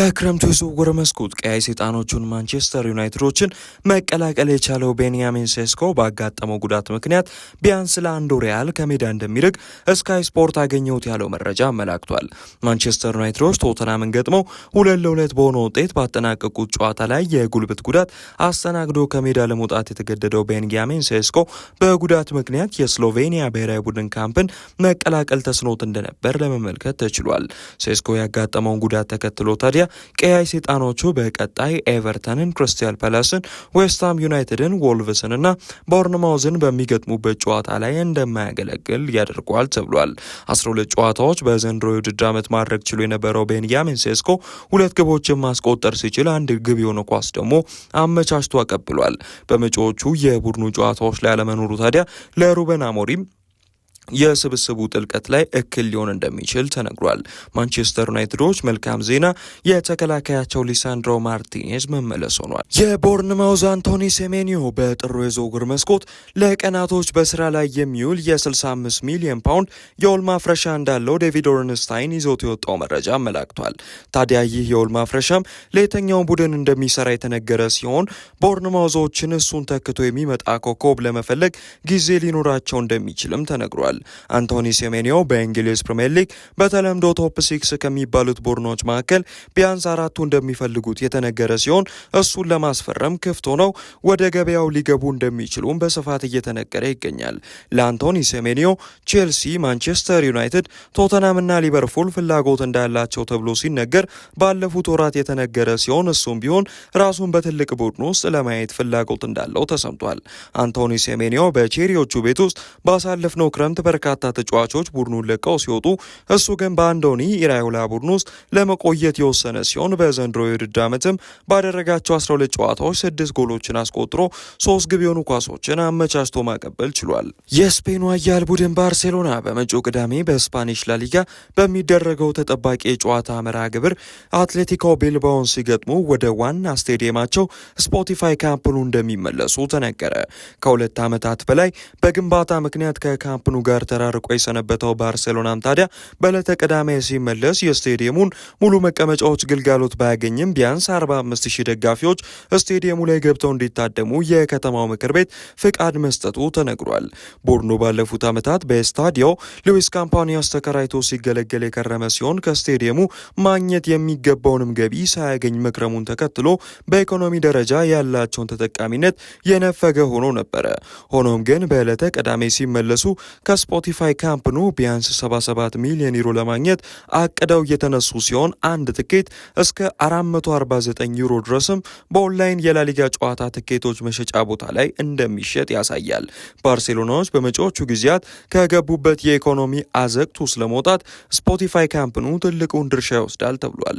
በክረምቱ የዝውውር መስኮት ቀያይ ሰይጣኖቹን ማንቸስተር ዩናይትዶችን መቀላቀል የቻለው ቤንያሚን ሴስኮ ባጋጠመው ጉዳት ምክንያት ቢያንስ ለአንድ ወር ያህል ከሜዳ እንደሚርቅ ስካይ ስፖርት አገኘሁት ያለው መረጃ አመላክቷል። ማንቸስተር ዩናይትዶች ቶተናምን ገጥመው ሁለት ለሁለት በሆነ ውጤት ባጠናቀቁት ጨዋታ ላይ የጉልበት ጉዳት አስተናግዶ ከሜዳ ለመውጣት የተገደደው ቤንያሚን ሴስኮ በጉዳት ምክንያት የስሎቬኒያ ብሔራዊ ቡድን ካምፕን መቀላቀል ተስኖት እንደነበር ለመመልከት ተችሏል። ሴስኮ ያጋጠመውን ጉዳት ተከትሎ ታዲያ ቀያይ ሰይጣኖቹ በቀጣይ ኤቨርተንን፣ ክሪስታል ፓላስን፣ ዌስትሃም ዩናይትድን፣ ወልቭስን እና ቦርንማውዝን በሚገጥሙበት ጨዋታ ላይ እንደማያገለግል ያደርገዋል ተብሏል። 12 ጨዋታዎች በዘንድሮ የውድድር ዓመት ማድረግ ችሎ የነበረው ቤንያሚን ሴስኮ ሁለት ግቦችን ማስቆጠር ሲችል አንድ ግብ የሆነ ኳስ ደግሞ አመቻችቶ አቀብሏል። በመጪዎቹ የቡድኑ ጨዋታዎች ላይ አለመኖሩ ታዲያ ለሩበን አሞሪም የስብስቡ ጥልቀት ላይ እክል ሊሆን እንደሚችል ተነግሯል። ማንቸስተር ዩናይትዶች መልካም ዜና የተከላካያቸው ሊሳንድሮ ማርቲኔዝ መመለስ ሆኗል። የቦርንማውዝ አንቶኒ ሴሜኒዮ በጥሩ የዝውውር መስኮት ለቀናቶች በስራ ላይ የሚውል የ65 ሚሊዮን ፓውንድ የውል ማፍረሻ እንዳለው ዴቪድ ኦርንስታይን ይዞት የወጣው መረጃ አመላክቷል። ታዲያ ይህ የውል ማፍረሻም ለየተኛው ቡድን እንደሚሰራ የተነገረ ሲሆን ቦርንማውዞችን እሱን ተክቶ የሚመጣ ኮከብ ለመፈለግ ጊዜ ሊኖራቸው እንደሚችልም ተነግሯል። ተገኝተዋል። አንቶኒ ሴሜኒዮ በእንግሊዝ ፕሪምየር ሊግ በተለምዶ ቶፕ ሲክስ ከሚባሉት ቡድኖች መካከል ቢያንስ አራቱ እንደሚፈልጉት የተነገረ ሲሆን እሱን ለማስፈረም ክፍት ሆነው ወደ ገበያው ሊገቡ እንደሚችሉም በስፋት እየተነገረ ይገኛል። ለአንቶኒ ሴሜኒዮ ቼልሲ፣ ማንቸስተር ዩናይትድ፣ ቶተናምና ሊቨርፑል ፍላጎት እንዳላቸው ተብሎ ሲነገር ባለፉት ወራት የተነገረ ሲሆን እሱም ቢሆን ራሱን በትልቅ ቡድን ውስጥ ለማየት ፍላጎት እንዳለው ተሰምቷል። አንቶኒ ሴሜኒዮ በቼሪዎቹ ቤት ውስጥ ባሳለፍነው ክረምት በርካታ ተጫዋቾች ቡድኑን ለቀው ሲወጡ፣ እሱ ግን በአንዶኒ ኢራዮላ ቡድን ውስጥ ለመቆየት የወሰነ ሲሆን በዘንድሮ የውድድር ዓመትም ባደረጋቸው 12 ጨዋታዎች ስድስት ጎሎችን አስቆጥሮ ሶስት ግብ የሆኑ ኳሶችን አመቻችቶ ማቀበል ችሏል። የስፔኑ አያል ቡድን ባርሴሎና በመጪው ቅዳሜ በስፓኒሽ ላሊጋ በሚደረገው ተጠባቂ የጨዋታ መርሃ ግብር አትሌቲኮ ቢልባውን ሲገጥሙ ወደ ዋና ስቴዲየማቸው ስፖቲፋይ ካምፕኑ እንደሚመለሱ ተነገረ። ከሁለት ዓመታት በላይ በግንባታ ምክንያት ከካምፕኑ ጋር ጋር ተራርቆ የሰነበተው ባርሴሎናም ታዲያ በዕለተ ቅዳሜ ሲመለስ የስቴዲየሙን ሙሉ መቀመጫዎች ግልጋሎት ባያገኝም ቢያንስ 45 ሺህ ደጋፊዎች ስቴዲየሙ ላይ ገብተው እንዲታደሙ የከተማው ምክር ቤት ፍቃድ መስጠቱ ተነግሯል። ቡድኑ ባለፉት ዓመታት በስታዲዮ ሉዊስ ካምፓኒያስ ተከራይቶ ሲገለገል የከረመ ሲሆን ከስቴዲየሙ ማግኘት የሚገባውንም ገቢ ሳያገኝ መክረሙን ተከትሎ በኢኮኖሚ ደረጃ ያላቸውን ተጠቃሚነት የነፈገ ሆኖ ነበረ። ሆኖም ግን በዕለተ ቅዳሜ ሲመለሱ ከስፖቲፋይ ካምፕኑ ቢያንስ 77 ሚሊዮን ዩሮ ለማግኘት አቅደው የተነሱ ሲሆን አንድ ትኬት እስከ 449 ዩሮ ድረስም በኦንላይን የላሊጋ ጨዋታ ትኬቶች መሸጫ ቦታ ላይ እንደሚሸጥ ያሳያል። ባርሴሎናዎች በመጪዎቹ ጊዜያት ከገቡበት የኢኮኖሚ አዘቅት ውስጥ ለመውጣት ስፖቲፋይ ካምፕኑ ትልቁን ድርሻ ይወስዳል ተብሏል።